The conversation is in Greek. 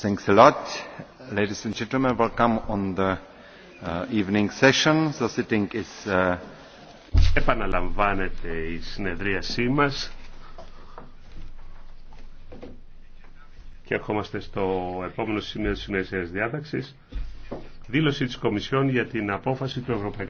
Thanks a lot. Ladies and gentlemen, welcome on the uh, evening session. The sitting is... Uh, Επαναλαμβάνεται η συνεδρίασή μας και ερχόμαστε στο επόμενο σημείο της συνέσιας διάταξης. Δήλωση της Κομισιόν για την απόφαση του Ευρωπαϊκού